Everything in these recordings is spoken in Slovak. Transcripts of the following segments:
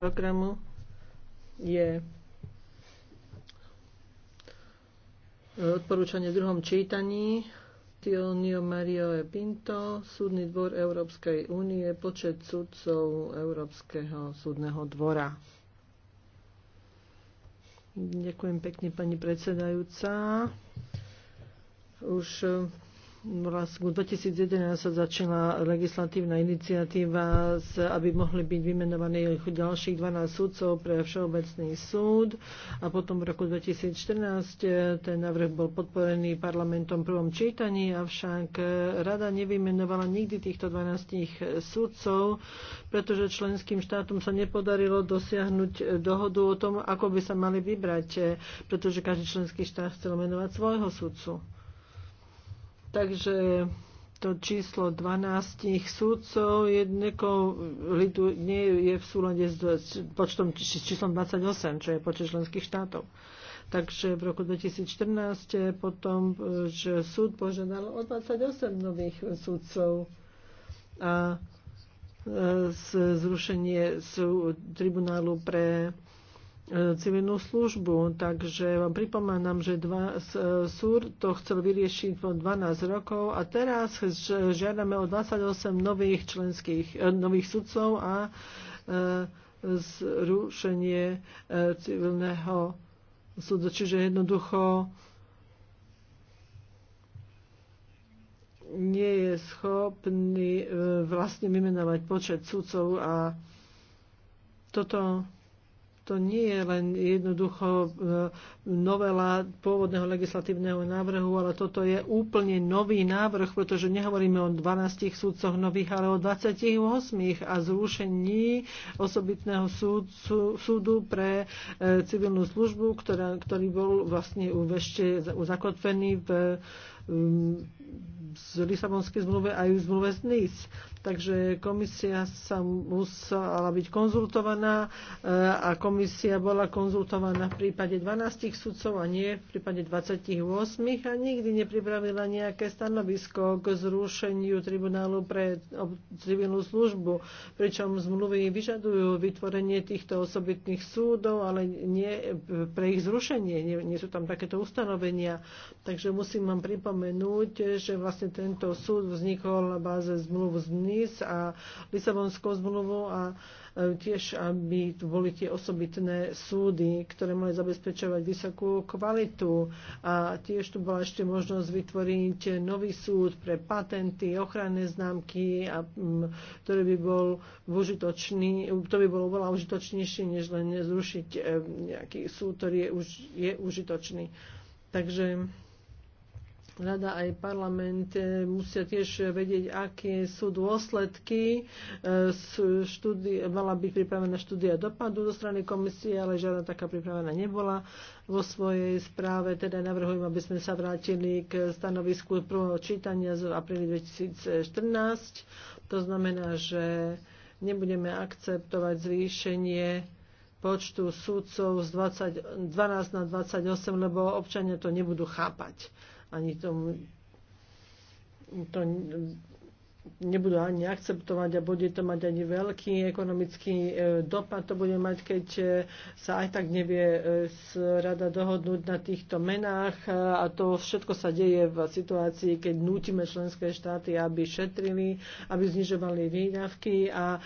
programu je e, odporúčanie v druhom čítaní Tionio Mario E. Pinto, Súdny dvor Európskej únie, počet súdcov Európskeho súdneho dvora. Ďakujem pekne, pani predsedajúca. Už e, vlastne 2011 sa začala legislatívna iniciatíva, aby mohli byť vymenovaní ďalších 12 súdcov pre Všeobecný súd a potom v roku 2014 eh, ten návrh bol podporený parlamentom v prvom čítaní, avšak eh, rada nevymenovala nikdy týchto 12 súdcov, pretože členským štátom sa nepodarilo dosiahnuť eh, dohodu o tom, ako by sa mali vybrať, pretože každý členský štát chcel menovať svojho súdcu. Takže to číslo 12 súdcov lidu nie je v súlade s počtom, číslom 28, čo je počet členských štátov. Takže v roku 2014 potom, že súd požiadal o 28 nových súdcov a e, zrušenie tribunálu pre E, civilnú službu. Takže vám pripomínam, že dva, e, súr to chcel vyriešiť po 12 rokov a teraz žiadame o 28 nových členských, e, nových sudcov a zrušenie civilného súdu. Čiže jednoducho nie je schopný vlastne vymenovať počet sudcov a toto to nie je len jednoducho e, novela pôvodného legislatívneho návrhu, ale toto je úplne nový návrh, pretože nehovoríme o 12 súdcoch nových, ale o 28 a zrušení osobitného súdcu, súdu pre e, civilnú službu, ktorá, ktorý bol vlastne ešte zakotvený v z Lisabonskej zmluve aj v zmluve z NIS takže komisia sa musela byť konzultovaná eh, a komisia bola konzultovaná v prípade 12 sudcov a nie v prípade 28 a nikdy nepripravila nejaké stanovisko k zrušeniu tribunálu pre civilnú službu, pričom zmluvy vyžadujú vytvorenie týchto osobitných súdov, ale nie pre ich zrušenie, nie, nie sú tam takéto ustanovenia. Takže musím vám pripomenúť, že vlastne tento súd vznikol na báze zmluv z Tunis a Lisabonskou zmluvou a e, tiež, aby tu boli tie osobitné súdy, ktoré mali zabezpečovať vysokú kvalitu. A tiež tu bola ešte možnosť vytvoriť nový súd pre patenty, ochranné známky, a, ktorý by bol užitočný, to by bolo oveľa užitočnejšie, než len zrušiť e, nejaký súd, ktorý je, už, je užitočný. Takže rada aj parlament eh, musia tiež vedieť, aké sú dôsledky. Eh, štúdi- mala byť pripravená štúdia dopadu zo strany komisie, ale žiadna taká pripravená nebola vo svojej správe. Teda navrhujem, aby sme sa vrátili k stanovisku prvého čítania z apríli 2014. To znamená, že nebudeme akceptovať zvýšenie počtu súdcov z 20, 12 na 28, lebo občania to nebudú chápať ani tomu to nebudú ani akceptovať a bude to mať ani veľký ekonomický e, dopad. To bude mať, keď e, sa aj tak nevie e, rada dohodnúť na týchto menách a to všetko sa deje v situácii, keď nútime členské štáty, aby šetrili, aby znižovali výdavky a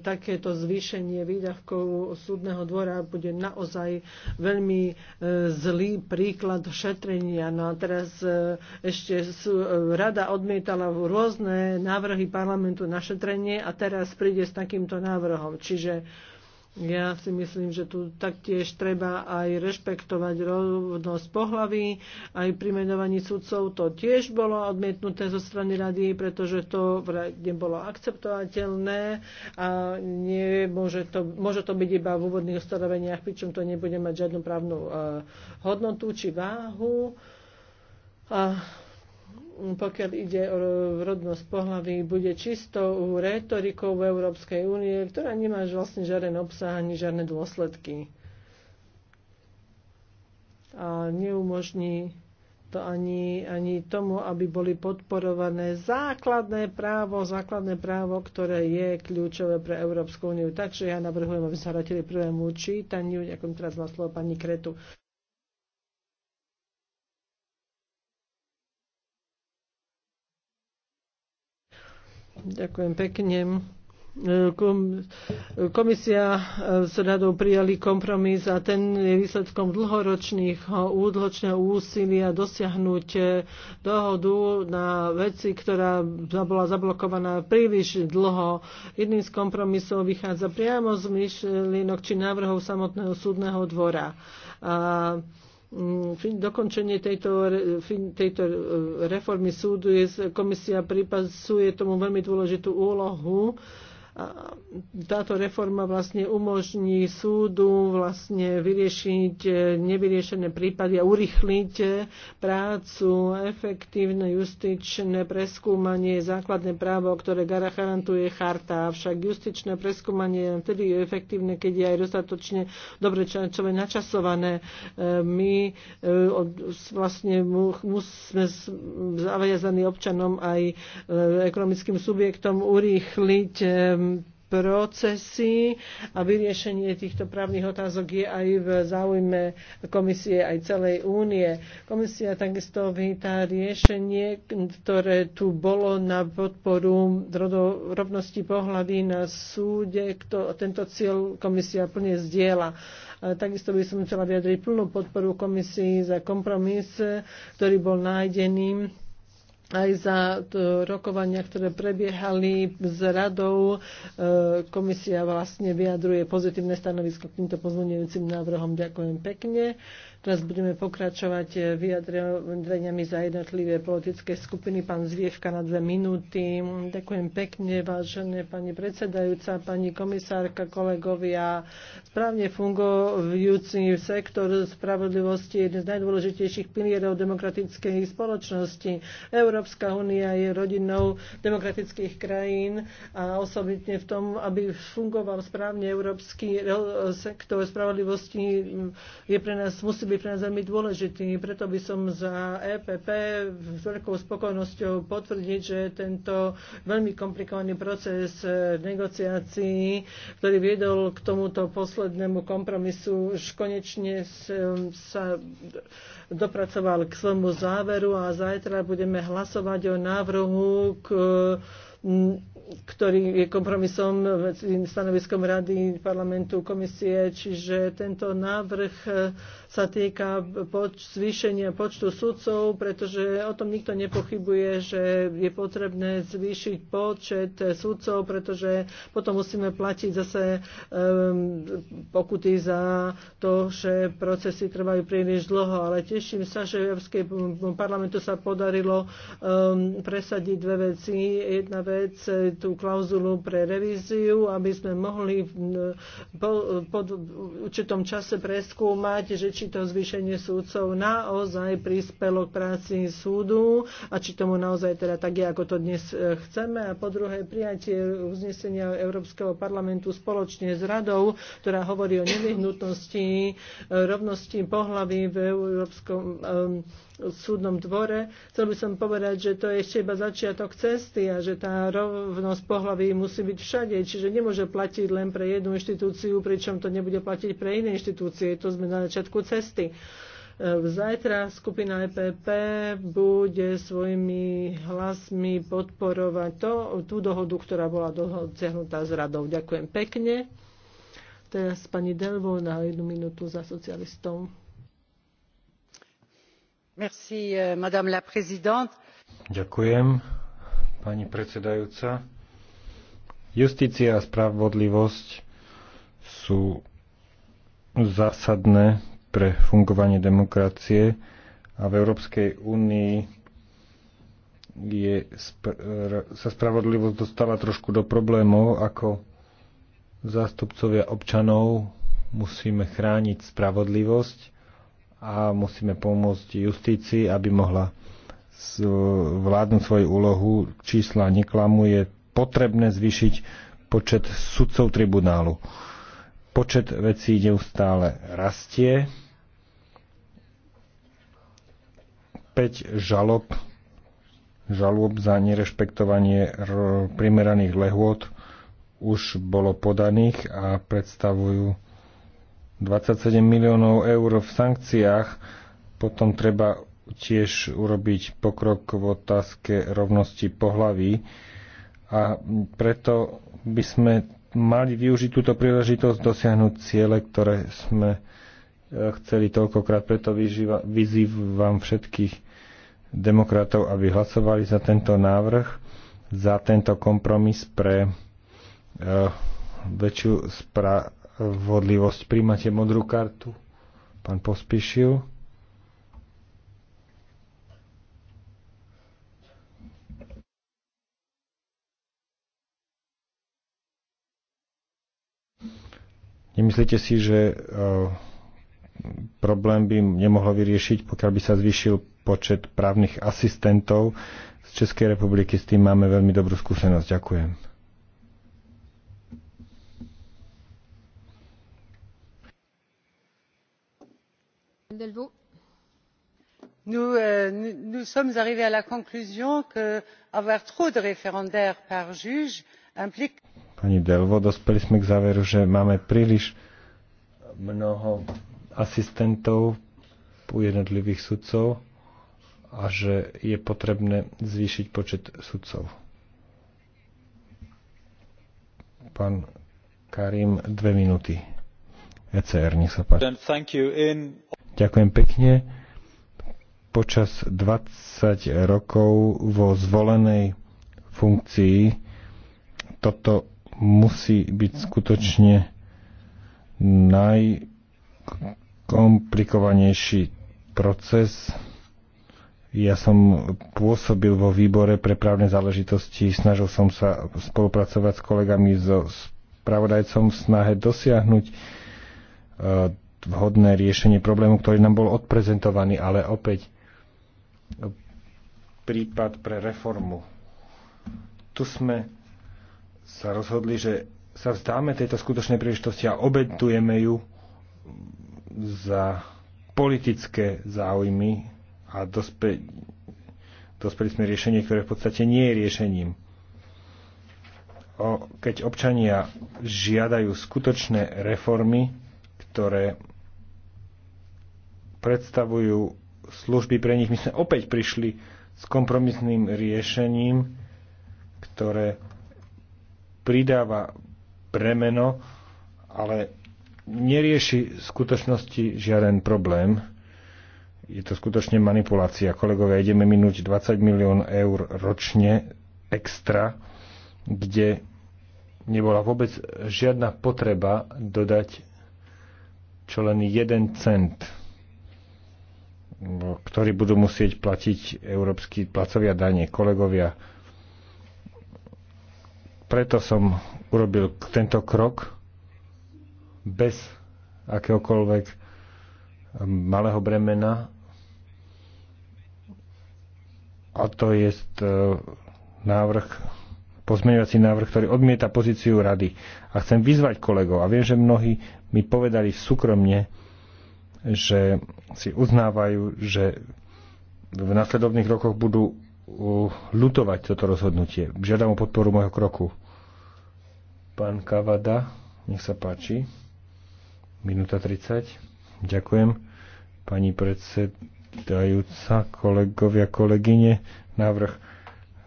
takéto zvýšenie výdavkov súdneho dvora bude naozaj veľmi zlý príklad šetrenia. No a teraz ešte rada odmietala rôzne návrhy parlamentu na šetrenie a teraz príde s takýmto návrhom. Čiže ja si myslím, že tu taktiež treba aj rešpektovať rovnosť pohlaví. Aj pri menovaní sudcov to tiež bolo odmietnuté zo strany rady, pretože to nebolo akceptovateľné a nie, môže, to, môže to byť iba v úvodných ustanoveniach, pričom to nebude mať žiadnu právnu eh, hodnotu či váhu. Uh, pokiaľ ide o rodnosť pohlaví, bude čistou retorikou v Európskej únie, ktorá nemá vlastne žiaden obsah ani žiadne dôsledky. A neumožní to ani, ani tomu, aby boli podporované základné právo, základné právo, ktoré je kľúčové pre Európsku úniu. Takže ja navrhujem, aby sa vrátili prvému čítaniu. Ďakujem teraz na slovo pani Kretu. Ďakujem pekne. Komisia s radou prijali kompromis a ten je výsledkom dlhoročných údločného úsilia dosiahnuť dohodu na veci, ktorá bola zablokovaná príliš dlho. Jedným z kompromisov vychádza priamo z myšlienok či návrhov samotného súdneho dvora. A Mm, dokončenie tejto, tejto e, reformy súdu je, komisia pripasuje tomu veľmi dôležitú úlohu táto reforma vlastne umožní súdu vlastne vyriešiť nevyriešené prípady a urychliť prácu, efektívne justičné preskúmanie základné právo, ktoré garantuje charta. Avšak justičné preskúmanie vtedy je efektívne, keď je aj dostatočne dobre časové načasované. E, my e, vlastne musíme zaviazaní občanom aj e, ekonomickým subjektom urýchliť Um, procesy a vyriešenie týchto právnych otázok je aj v záujme komisie aj celej únie. Komisia takisto víta riešenie, ktoré tu bolo na podporu rovnosti pohľady na súde. Kto, tento cieľ komisia plne zdieľa. Takisto by som chcela vyjadriť plnú podporu komisii za kompromis, ktorý bol nájdený aj za rokovania, ktoré prebiehali s radou. E, komisia vlastne vyjadruje pozitívne stanovisko k týmto pozvonujúcim návrhom. Ďakujem pekne. Teraz budeme pokračovať vyjadreniami za jednotlivé politické skupiny. Pán Zvievka na dve minúty. Ďakujem pekne, vážené pani predsedajúca, pani komisárka, kolegovia. Správne fungujúci sektor spravodlivosti je jeden z najdôležitejších pilierov demokratickej spoločnosti. Euró- Európska únia je rodinou demokratických krajín a osobitne v tom, aby fungoval správne európsky eh, sektor spravodlivosti, mm, je pre nás, musí byť pre nás veľmi dôležitý. Preto by som za EPP s veľkou spokojnosťou potvrdiť, že tento veľmi komplikovaný proces eh, negociácií, ktorý viedol k tomuto poslednému kompromisu, už konečne eh, sa dopracoval k svojmu záveru a zajtra budeme hlasovať o návrhu k ktorý je kompromisom stanoviskom Rady parlamentu komisie. Čiže tento návrh sa týka poč- zvýšenia počtu sudcov, pretože o tom nikto nepochybuje, že je potrebné zvýšiť počet sudcov, pretože potom musíme platiť zase um, pokuty za to, že procesy trvajú príliš dlho. Ale teším sa, že v Európskej parlamentu sa podarilo um, presadiť dve veci. Jedna vec, tú klauzulu pre revíziu, aby sme mohli v, po, po určitom čase preskúmať, že či či to zvýšenie súdcov naozaj prispelo k práci súdu a či tomu naozaj teda tak je, ako to dnes e, chceme. A po druhé, prijatie uznesenia Európskeho parlamentu spoločne s radou, ktorá hovorí o nevyhnutnosti e, rovnosti pohlaví v Európskom e, súdnom dvore. Chcel by som povedať, že to je ešte iba začiatok cesty a že tá rovnosť pohlaví musí byť všade, čiže nemôže platiť len pre jednu inštitúciu, pričom to nebude platiť pre iné inštitúcie. To sme na začiatku cesty. Zajtra skupina EPP bude svojimi hlasmi podporovať to, tú dohodu, ktorá bola dosiahnutá s radou. Ďakujem pekne. Teraz pani Delvo na jednu minútu za socialistov. Euh, madame la présidente. Ďakujem, pani predsedajúca. Justícia a spravodlivosť sú zásadné pre fungovanie demokracie a v Európskej únii je, sa spravodlivosť dostala trošku do problémov, ako zástupcovia občanov musíme chrániť spravodlivosť a musíme pomôcť justícii, aby mohla vládnuť svoju úlohu. Čísla neklamu je potrebné zvýšiť počet sudcov tribunálu. Počet vecí neustále rastie. 5 žalob, žalob za nerešpektovanie primeraných lehôd už bolo podaných a predstavujú 27 miliónov eur v sankciách, potom treba tiež urobiť pokrok v otázke rovnosti pohlaví. A preto by sme mali využiť túto príležitosť dosiahnuť ciele, ktoré sme e, chceli toľkokrát. Preto vyžíva, vyzývam všetkých demokratov, aby hlasovali za tento návrh, za tento kompromis pre uh, väčšiu spra- vodlivosť. Príjmate modrú kartu? Pán Pospišil. Nemyslíte si, že e, problém by nemohlo vyriešiť, pokiaľ by sa zvýšil počet právnych asistentov z Českej republiky. S tým máme veľmi dobrú skúsenosť. Ďakujem. Euh, nous sommes arrivés à la conclusion qu'avoir trop de référendaires par juge implique. pani delvaux dospeli sme k záveru že máme príliš mnoho asistentov u jednotlivých sudcov a že je potrebné zvýšiť počet sudcov. Pán Karim, dve minúty. ECR, nech sa páči. Ďakujem pekne. Počas 20 rokov vo zvolenej funkcii toto musí byť skutočne najkomplikovanejší proces. Ja som pôsobil vo výbore pre právne záležitosti, snažil som sa spolupracovať s kolegami so spravodajcom v snahe dosiahnuť e, vhodné riešenie problému, ktorý nám bol odprezentovaný, ale opäť prípad pre reformu. Tu sme sa rozhodli, že sa vzdáme tejto skutočnej príležitosti a obetujeme ju za politické záujmy a dospe, dospeli sme riešenie, ktoré v podstate nie je riešením. O, keď občania žiadajú skutočné reformy, ktoré predstavujú služby pre nich. My sme opäť prišli s kompromisným riešením, ktoré pridáva bremeno, ale nerieši v skutočnosti žiaden problém. Je to skutočne manipulácia. Kolegovia, ideme minúť 20 milión eur ročne extra, kde nebola vôbec žiadna potreba dodať čo len jeden cent ktorí budú musieť platiť európsky placovia danie, kolegovia. Preto som urobil tento krok bez akéhokoľvek malého bremena a to je e, návrh, pozmeňovací návrh, ktorý odmieta pozíciu rady. A chcem vyzvať kolegov, a viem, že mnohí mi povedali súkromne, že si uznávajú, že v nasledovných rokoch budú ľutovať uh, toto rozhodnutie. Žiadam o podporu môjho kroku. Pán Kavada, nech sa páči. Minúta 30. Ďakujem. Pani predsedajúca, kolegovia, kolegyne, návrh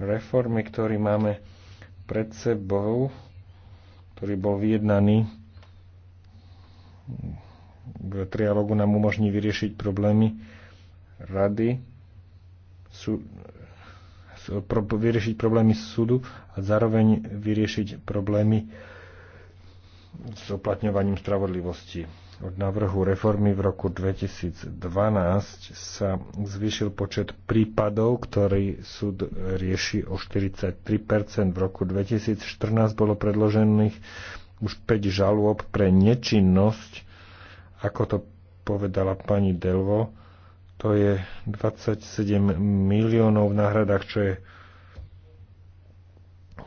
reformy, ktorý máme pred sebou, ktorý bol vyjednaný trialogu nám umožní vyriešiť problémy rady, sú, pro, vyriešiť problémy súdu a zároveň vyriešiť problémy s oplatňovaním spravodlivosti. Od návrhu reformy v roku 2012 sa zvýšil počet prípadov, ktorý súd rieši o 43 V roku 2014 bolo predložených už 5 žalôb pre nečinnosť ako to povedala pani Delvo, to je 27 miliónov v náhradách, čo je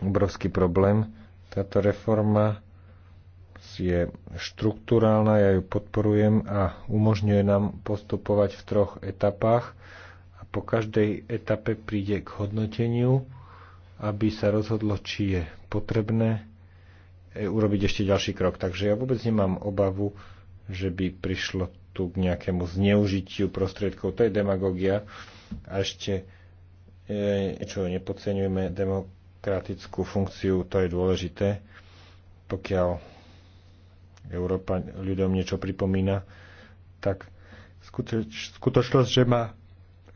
obrovský problém. Táto reforma je štruktúrálna, ja ju podporujem a umožňuje nám postupovať v troch etapách a po každej etape príde k hodnoteniu, aby sa rozhodlo, či je potrebné e, urobiť ešte ďalší krok. Takže ja vôbec nemám obavu, že by prišlo tu k nejakému zneužitiu prostriedkov. To je demagogia. A ešte niečo nepodceňujeme, demokratickú funkciu, to je dôležité. Pokiaľ Európa ľuďom niečo pripomína, tak skutočnosť, že má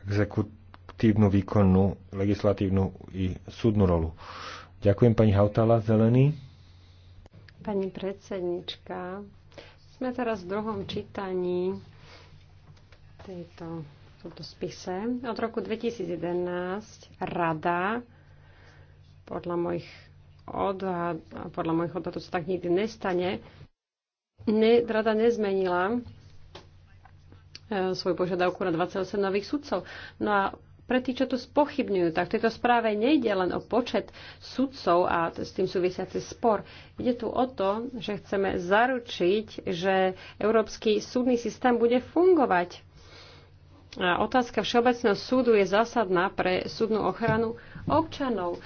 exekutívnu, výkonnú, legislatívnu i súdnu rolu. Ďakujem pani Hautala, Zelený. Pani predsednička, sme teraz v druhom čítaní tejto, tomto spise. Od roku 2011 rada podľa mojich odhad, podľa mojich odhadov sa tak nikdy nestane, ne, rada nezmenila e, svoju požiadavku na 28 nových sudcov. No a pre tých, čo to spochybňujú, tak v tejto správe nejde len o počet sudcov a s tým súvisiaci spor. Ide tu o to, že chceme zaručiť, že európsky súdny systém bude fungovať. A otázka Všeobecného súdu je zásadná pre súdnu ochranu občanov.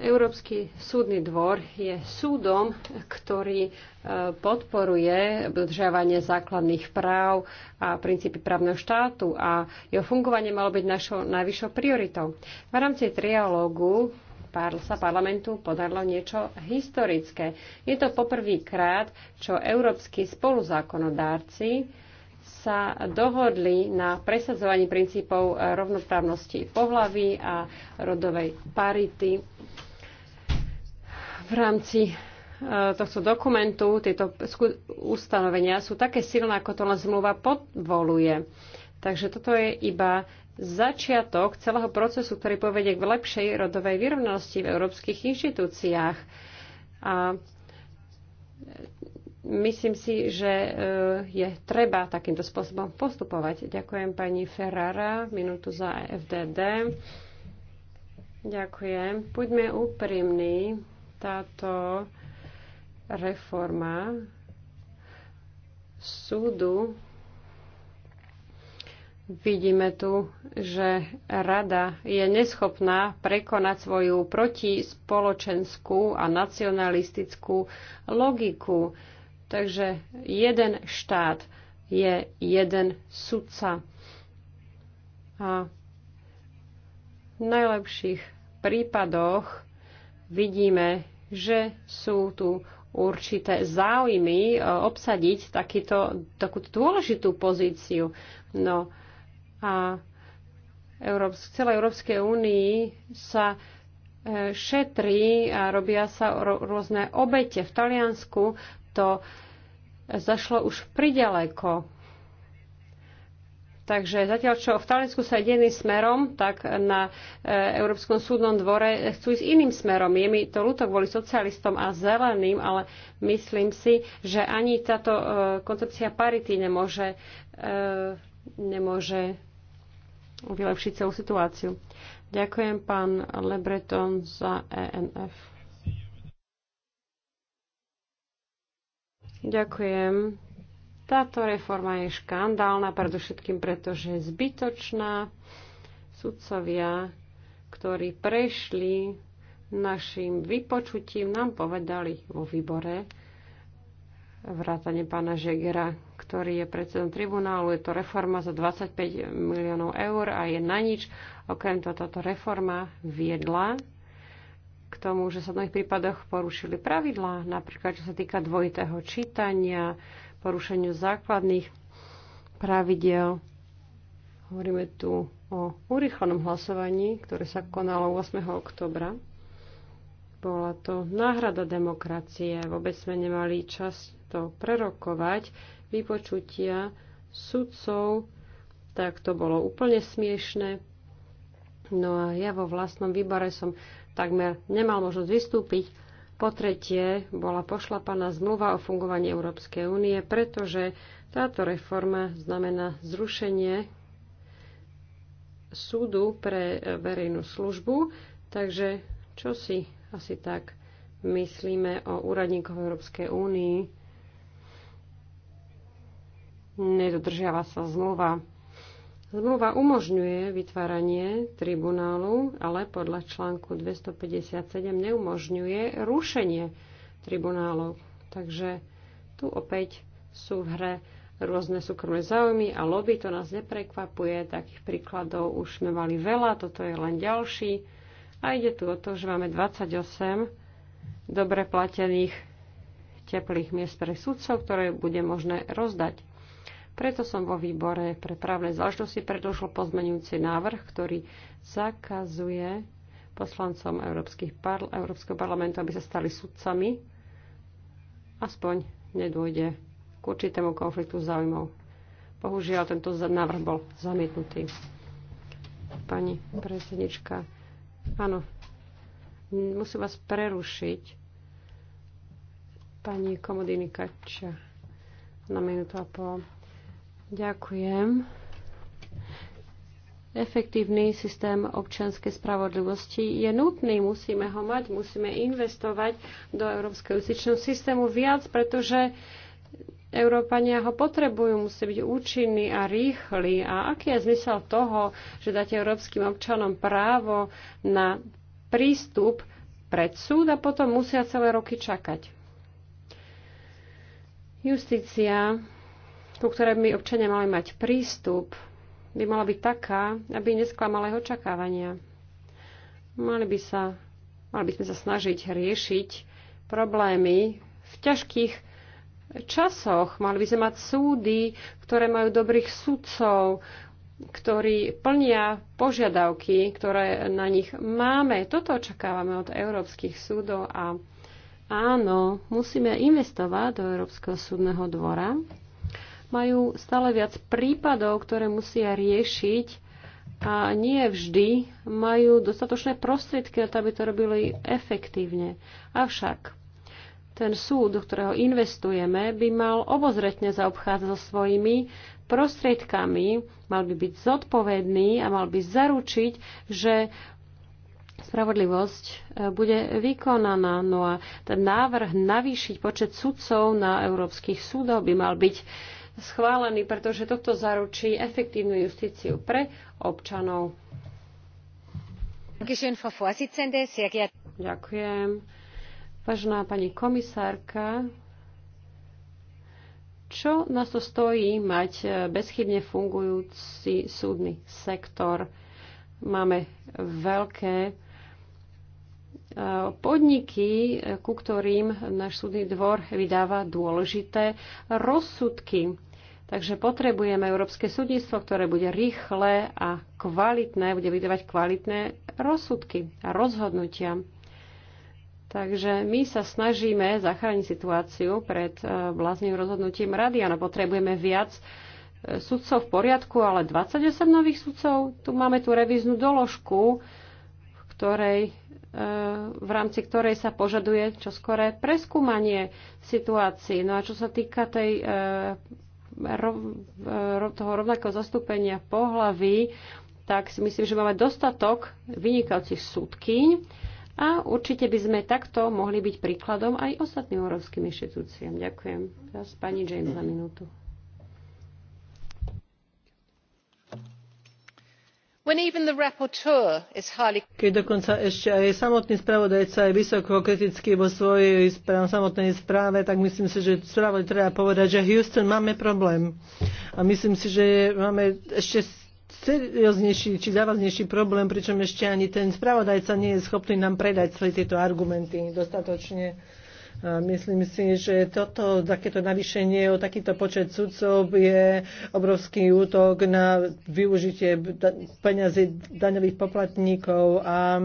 Európsky súdny dvor je súdom, ktorý e, podporuje dodržiavanie základných práv a princípy právneho štátu a jeho fungovanie malo byť našou najvyššou prioritou. V rámci trialógu sa parlamentu podarilo niečo historické. Je to poprvýkrát, čo európsky spoluzákonodárci sa dohodli na presadzovaní princípov rovnoprávnosti pohlavy a rodovej parity. V rámci e, tohto dokumentu tieto ustanovenia sú také silné, ako to len zmluva podvoluje. Takže toto je iba začiatok celého procesu, ktorý povedie k lepšej rodovej vyrovnanosti v európskych inštitúciách. A Myslím si, že eh, je treba takýmto spôsobom postupovať. Ďakujem pani Ferrara, minútu za FDD. Ďakujem. Buďme úprimní. Táto reforma súdu Vidíme tu, že rada je neschopná prekonať svoju protispoločenskú a nacionalistickú logiku. Takže jeden štát je jeden sudca. A v najlepších prípadoch vidíme, že sú tu určité záujmy e, obsadiť takýto, takú dôležitú pozíciu. No a Európs- celej Európskej únii sa e, šetrí a robia sa rôzne obete. V Taliansku to zašlo už priďaleko. Takže zatiaľ, čo v Talensku sa ide iným smerom, tak na e, Európskom súdnom dvore chcú ísť iným smerom. Je mi to ľúto kvôli socialistom a zeleným, ale myslím si, že ani táto e, koncepcia parity nemôže, e, nemôže vylepšiť celú situáciu. Ďakujem pán Lebreton za ENF. Ďakujem. Táto reforma je škandálna, predovšetkým preto, že je zbytočná. Sudcovia, ktorí prešli našim vypočutím, nám povedali vo výbore, vrátane pána Žegera, ktorý je predsedom tribunálu. Je to reforma za 25 miliónov eur a je na nič. Okrem toho, táto reforma viedla k tomu, že sa v mnohých prípadoch porušili pravidlá, napríklad čo sa týka dvojitého čítania, porušeniu základných pravidel. Hovoríme tu o urychlenom hlasovaní, ktoré sa konalo 8. oktobra. Bola to náhrada demokracie. Vôbec sme nemali čas to prerokovať. Vypočutia sudcov, tak to bolo úplne smiešne. No a ja vo vlastnom výbore som takmer nemal možnosť vystúpiť. Po tretie bola pošlapaná zmluva o fungovaní Európskej únie, pretože táto reforma znamená zrušenie súdu pre e, verejnú službu. Takže čo si asi tak myslíme o úradníkoch Európskej únii? Nedodržiava sa zmluva Zmluva umožňuje vytváranie tribunálu, ale podľa článku 257 neumožňuje rušenie tribunálov. Takže tu opäť sú v hre rôzne súkromné záujmy a lobby, to nás neprekvapuje, takých príkladov už sme mali veľa, toto je len ďalší. A ide tu o to, že máme 28 dobre platených teplých miest pre sudcov, ktoré bude možné rozdať preto som vo výbore pre právne záležitosti predložil pozmenujúci návrh, ktorý zakazuje poslancom par- Európskeho parlamentu, aby sa stali sudcami. Aspoň nedôjde k určitému konfliktu záujmov. Bohužiaľ, tento návrh bol zamietnutý. Pani predsednička, áno, musím vás prerušiť. Pani Komodini Kača na minútu a pol. Ďakujem. Efektívny systém občianskej spravodlivosti je nutný, musíme ho mať, musíme investovať do európskeho justičného systému viac, pretože Európania ho potrebujú, musí byť účinný a rýchly. A aký je zmysel toho, že dáte európskym občanom právo na prístup pred súd a potom musia celé roky čakať? Justícia ku ktoré by občania mali mať prístup, by mala byť taká, aby nesklamala jeho očakávania. Mali by, sa, mali by sme sa snažiť riešiť problémy v ťažkých časoch. Mali by sme mať súdy, ktoré majú dobrých sudcov, ktorí plnia požiadavky, ktoré na nich máme. Toto očakávame od európskych súdov a áno, musíme investovať do Európskeho súdneho dvora, majú stále viac prípadov, ktoré musia riešiť a nie vždy majú dostatočné prostriedky aby to robili efektívne. Avšak ten súd, do ktorého investujeme, by mal obozretne zaobchádzať so svojimi prostriedkami, mal by byť zodpovedný a mal by zaručiť, že spravodlivosť e, bude vykonaná. No a ten návrh navýšiť počet sudcov na európskych súdoch by mal byť schválený, pretože toto zaručí efektívnu justíciu pre občanov. Ďakujem. Vážená pani komisárka, čo nás to stojí mať e, bezchybne fungujúci súdny sektor? Máme veľké podniky, ku ktorým náš súdny dvor vydáva dôležité rozsudky. Takže potrebujeme Európske súdnictvo, ktoré bude rýchle a kvalitné, bude vydávať kvalitné rozsudky a rozhodnutia. Takže my sa snažíme zachrániť situáciu pred e, vlastným rozhodnutím rady. Áno, potrebujeme viac e, sudcov v poriadku, ale 28 nových sudcov. Tu máme tú revíznu doložku, ktorej, e, v rámci ktorej sa požaduje čoskoré preskúmanie situácií. No a čo sa týka tej, e, e, toho rovnakého zastúpenia pohlaví, tak si myslím, že máme dostatok vynikajúcich súdkyň a určite by sme takto mohli byť príkladom aj ostatným európskym inštitúciám. Ďakujem. Teraz pani James na minútu. keď dokonca ešte aj samotný spravodajca je vysoko kritický vo svojej samotnej správe, tak myslím si, že správe treba povedať, že Houston máme problém. A myslím si, že máme ešte serióznejší či závaznejší problém, pričom ešte ani ten spravodajca nie je schopný nám predať svoje tieto argumenty dostatočne. Myslím si, že toto, takéto navýšenie o takýto počet sudcov je obrovský útok na využitie peňazí daňových poplatníkov a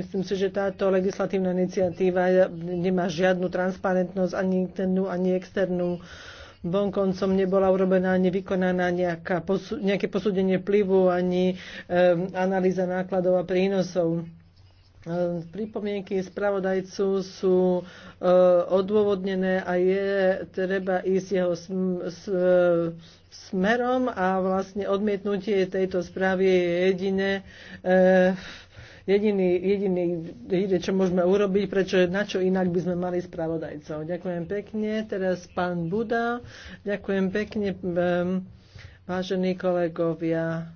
myslím si, že táto legislatívna iniciatíva nemá žiadnu transparentnosť ani internú, ani externú vonkoncom nebola urobená ani vykonaná nejaká, nejaké posúdenie vplyvu ani e, analýza nákladov a prínosov. Ehm, pripomienky spravodajcu sú e, odôvodnené a je treba ísť jeho e, smerom a vlastne odmietnutie tejto správy je jediné e, jediný, jediný, jediný, čo môžeme urobiť, prečo na čo inak by sme mali spravodajcov. Ďakujem pekne. Teraz pán Buda. Ďakujem pekne, ehm, vážení kolegovia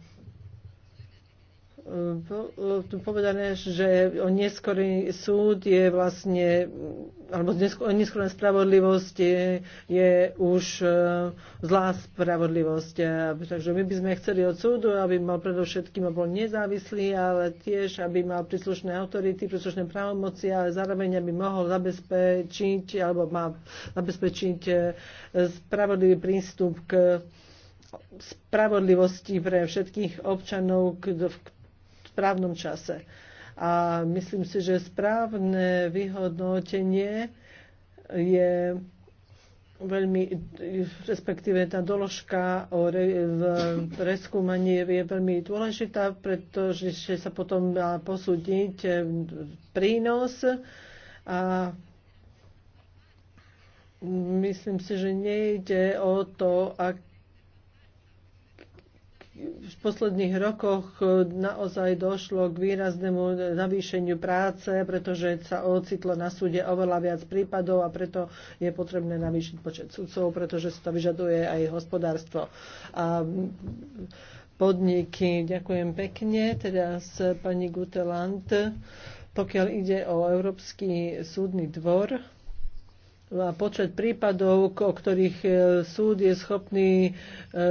tu povedané, že neskorý súd je vlastne, alebo neskorá spravodlivosť je, je už e, zlá spravodlivosť. E, takže my by sme chceli od súdu, aby mal predovšetkým bol nezávislý, ale tiež, aby mal príslušné autority, príslušné právomoci, ale zároveň, aby mohol zabezpečiť, alebo má zabezpečiť e, spravodlivý prístup k spravodlivosti pre všetkých občanov, v správnom čase. A myslím si, že správne vyhodnotenie je veľmi, respektíve tá doložka o re, v preskúmaní je veľmi dôležitá, pretože sa potom dá posúdiť e, prínos a myslím si, že nejde o to, ak v posledných rokoch e, naozaj došlo k výraznému navýšeniu práce, pretože sa ocitlo na súde oveľa viac prípadov a preto je potrebné navýšiť počet sudcov, pretože sa to vyžaduje aj hospodárstvo. A podniky. Ďakujem pekne. Teraz pani Gutelant, pokiaľ ide o Európsky súdny dvor, a počet prípadov, o ktorých e, súd je schopný e,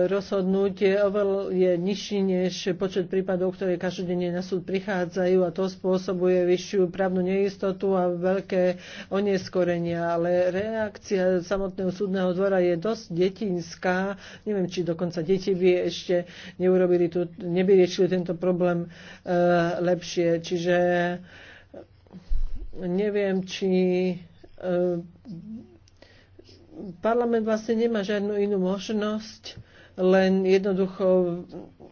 rozhodnúť, je, oveľ, je nižší než počet prípadov, ktoré každodenne na súd prichádzajú a to spôsobuje vyššiu právnu neistotu a veľké oneskorenia. Ale reakcia samotného súdneho dvora je dosť detinská. Neviem, či dokonca deti by ešte neurobili tu, nevyriešili tento problém uh, lepšie. Čiže neviem, či parlament vlastne nemá žiadnu inú možnosť, len jednoducho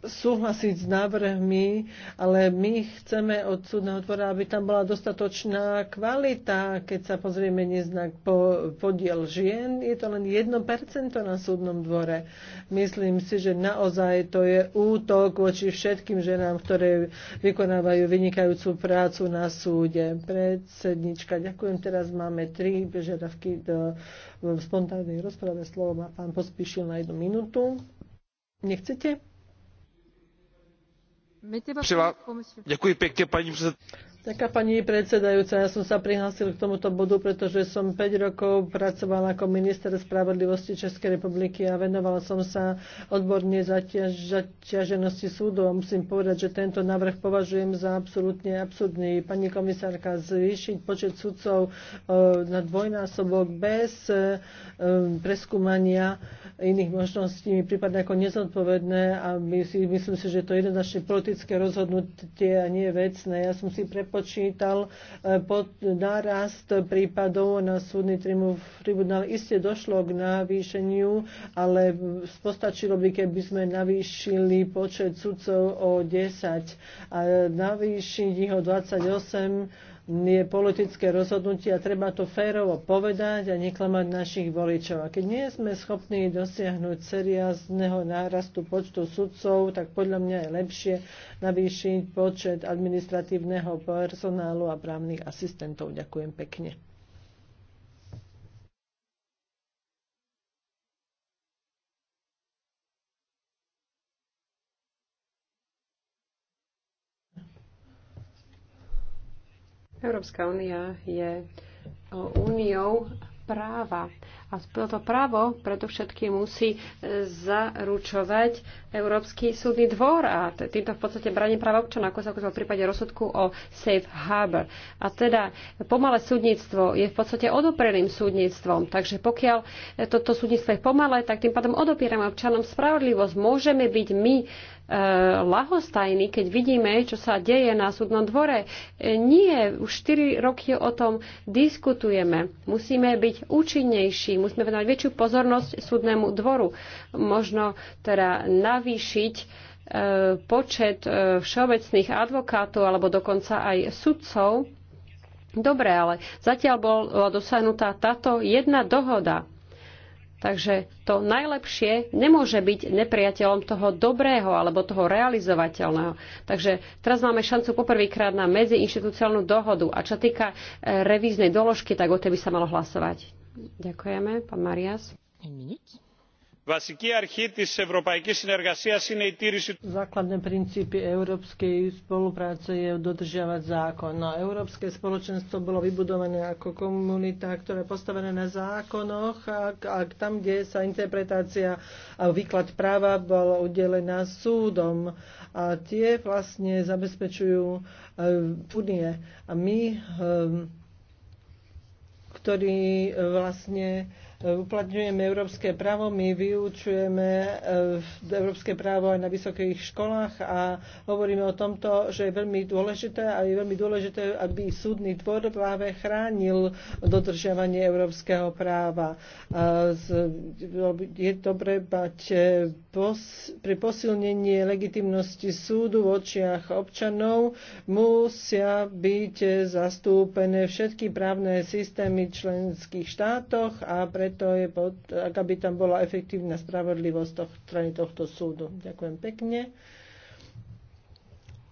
súhlasiť s návrhmi, ale my chceme od súdneho dvora, aby tam bola dostatočná kvalita. Keď sa pozrieme neznak po, podiel žien, je to len 1% na súdnom dvore. Myslím si, že naozaj to je útok voči všetkým ženám, ktoré vykonávajú vynikajúcu prácu na súde. Predsednička, ďakujem. Teraz máme tri bežeravky do, v spontánnej rozprave. Slovo má pán Pospíšil na jednu minútu. Nechcete? paní předsedající Ďakujem pani predsedajúca, ja som sa prihlásil k tomuto bodu, pretože som 5 rokov pracoval ako minister spravodlivosti Českej republiky a venovala som sa odborne zaťaženosti súdov. A musím povedať, že tento návrh považujem za absolútne absurdný. Pani komisárka, zvýšiť počet sudcov e, na dvojnásobok bez e, preskúmania iných možností mi prípadne ako nezodpovedné a my myslím si, že to je jednoznačne politické rozhodnutie a nie vecné. Ja som si prepo- započítal e, pod nárast prípadov na súdny tribunál. Isté došlo k navýšeniu, ale postačilo by, keby sme navýšili počet sudcov o 10 a navýšiť ich o 28 nie politické a Treba to férovo povedať a neklamať našich voličov. A keď nie sme schopní dosiahnuť seriázneho nárastu počtu sudcov, tak podľa mňa je lepšie navýšiť počet administratívneho personálu a právnych asistentov. Ďakujem pekne. Európska únia je úniou práva. A toto právo predovšetkým musí e, zaručovať Európsky súdny dvor a týmto v podstate bráni práva občana, ako sa ukázalo v prípade rozsudku o Safe Harbor. A teda pomalé súdnictvo je v podstate odopreným súdnictvom, takže pokiaľ e, toto súdnictvo je pomalé, tak tým pádom odopierame občanom spravodlivosť. Môžeme byť my lahostajní, eh, keď vidíme, čo sa deje na súdnom dvore. Eh, nie, už 4 roky o tom diskutujeme. Musíme byť účinnejší, musíme venovať väčšiu pozornosť súdnemu dvoru. Možno teda navýšiť eh, počet všeobecných advokátov alebo dokonca aj sudcov. Dobre, ale zatiaľ bola dosiahnutá táto jedna dohoda Takže to najlepšie nemôže byť nepriateľom toho dobrého alebo toho realizovateľného. Takže teraz máme šancu poprvýkrát na medziinštitúciálnu dohodu. A čo týka e, revíznej doložky, tak o tej by sa malo hlasovať. Ďakujeme. Pán Marias. Základné princípy európskej spolupráce je dodržiavať zákon. No, Európske spoločenstvo bolo vybudované ako komunita, ktorá je postavená na zákonoch a, a tam, kde sa interpretácia a výklad práva bola udelená súdom. A tie vlastne zabezpečujú e, únie. A my, e, ktorí e, vlastne uplatňujeme európske právo, my vyučujeme eh, európske právo aj na vysokých školách a hovoríme o tomto, že je veľmi dôležité a je veľmi dôležité, aby súdny dvor práve chránil dodržiavanie európskeho práva. A je dobre bať eh, pri posilnení legitimnosti súdu v očiach občanov musia byť eh, zastúpené všetky právne systémy členských štátoch a pre preto je, ak aby tam bola efektívna spravodlivosť toh, strany tohto súdu. Ďakujem pekne.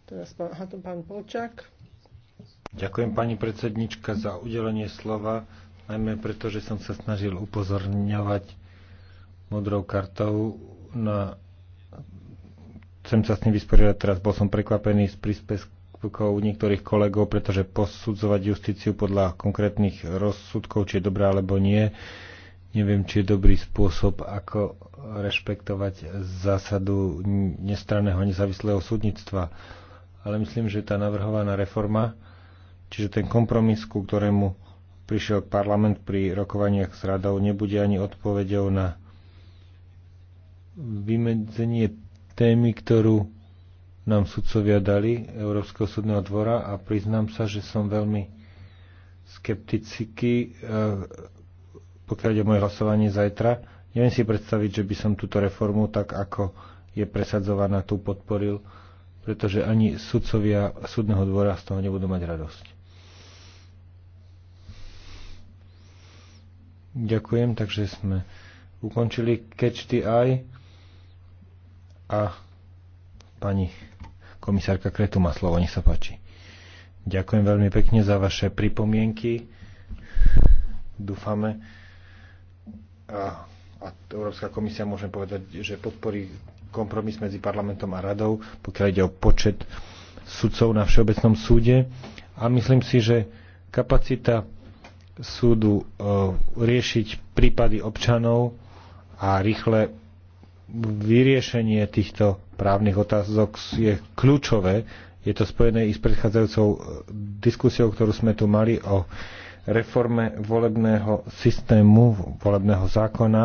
Teraz pán, to pán Polčák. Ďakujem pani predsednička za udelenie slova, najmä preto, že som sa snažil upozorňovať modrou kartou na chcem sa s tým vysporiadať teraz. Bol som prekvapený z príspevkov niektorých kolegov, pretože posudzovať justíciu podľa konkrétnych rozsudkov, či je dobrá alebo nie, Neviem, či je dobrý spôsob, ako rešpektovať zásadu nestranného nezávislého súdnictva. Ale myslím, že tá navrhovaná reforma, čiže ten kompromis, ku ktorému prišiel parlament pri rokovaniach s radou, nebude ani odpovedou na vymedzenie témy, ktorú nám sudcovia dali Európskeho súdneho dvora a priznám sa, že som veľmi skeptický eh, pokiaľ ide moje hlasovanie zajtra. Neviem si predstaviť, že by som túto reformu, tak ako je presadzovaná, tu podporil, pretože ani sudcovia súdneho dvora z toho nebudú mať radosť. Ďakujem, takže sme ukončili Catch the Eye a pani komisárka Kretu má slovo, nech sa páči. Ďakujem veľmi pekne za vaše pripomienky. Dúfame, a, a Európska komisia môžem povedať, že podporí kompromis medzi parlamentom a radou, pokiaľ ide o počet sudcov na Všeobecnom súde. A myslím si, že kapacita súdu e, riešiť prípady občanov a rýchle vyriešenie týchto právnych otázok je kľúčové. Je to spojené i s predchádzajúcou e, diskusiou, ktorú sme tu mali o reforme volebného systému, volebného zákona.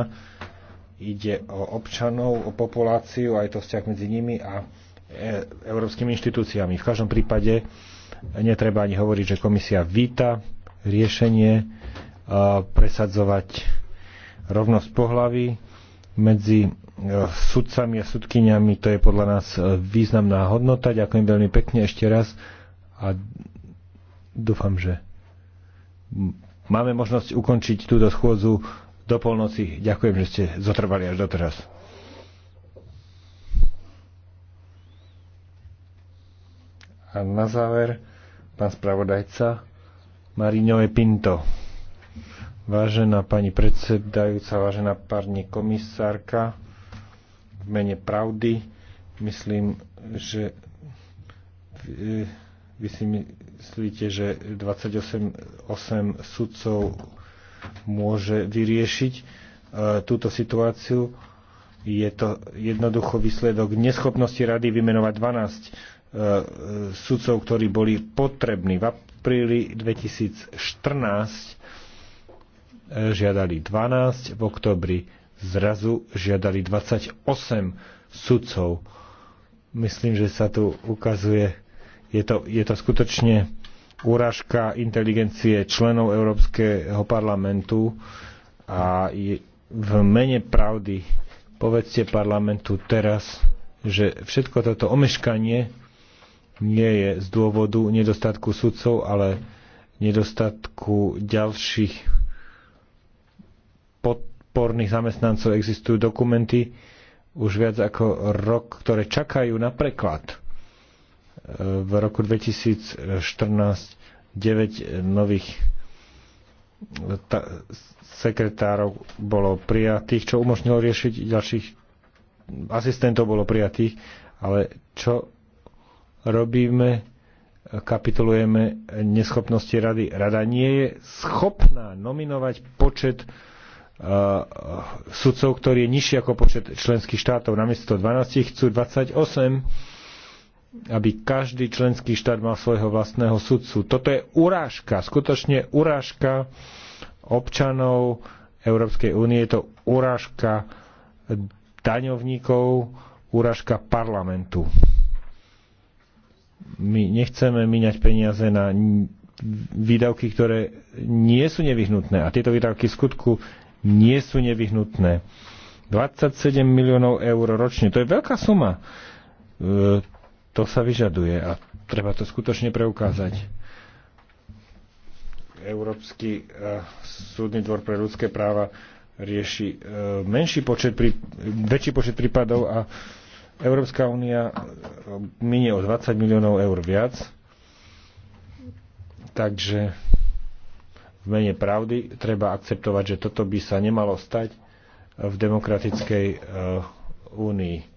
Ide o občanov, o populáciu, aj to vzťah medzi nimi a e, európskymi inštitúciami. V každom prípade e, netreba ani hovoriť, že komisia víta riešenie e, presadzovať rovnosť pohlaví medzi sudcami a sudkyňami. To je podľa nás významná hodnota. Ďakujem veľmi pekne ešte raz a dúfam, že Máme možnosť ukončiť túto schôdzu do polnoci. Ďakujem, že ste zotrvali až doteraz. A na záver, pán spravodajca Mariňové e. Pinto. Vážená pani predsedajúca, vážená pani komisárka, v mene pravdy, myslím, že vy si mi myslíte, že 28 8 sudcov môže vyriešiť e, túto situáciu? Je to jednoducho výsledok neschopnosti rady vymenovať 12 e, sudcov, ktorí boli potrební. V apríli 2014 e, žiadali 12, v oktobri zrazu žiadali 28 sudcov. Myslím, že sa tu ukazuje je to, je to skutočne úražka inteligencie členov Európskeho parlamentu a je, v mene pravdy povedzte parlamentu teraz, že všetko toto omeškanie nie je z dôvodu nedostatku sudcov, ale nedostatku ďalších podporných zamestnancov. Existujú dokumenty už viac ako rok, ktoré čakajú na preklad v roku 2014 9 nových sekretárov bolo prijatých, čo umožnilo riešiť ďalších asistentov bolo prijatých, ale čo robíme, kapitulujeme neschopnosti rady. Rada nie je schopná nominovať počet uh, sudcov, ktorý je nižší ako počet členských štátov. Namiesto 12 chcú 28 aby každý členský štát mal svojho vlastného sudcu. Toto je urážka, skutočne urážka občanov Európskej únie, je to urážka daňovníkov, urážka parlamentu. My nechceme míňať peniaze na výdavky, ktoré nie sú nevyhnutné. A tieto výdavky v skutku nie sú nevyhnutné. 27 miliónov eur ročne, to je veľká suma e, to sa vyžaduje a treba to skutočne preukázať. Európsky e, súdny dvor pre ľudské práva rieši e, menší počet, väčší počet prípadov a Európska únia e, minie o 20 miliónov eur viac. Takže v mene pravdy treba akceptovať, že toto by sa nemalo stať v demokratickej únii.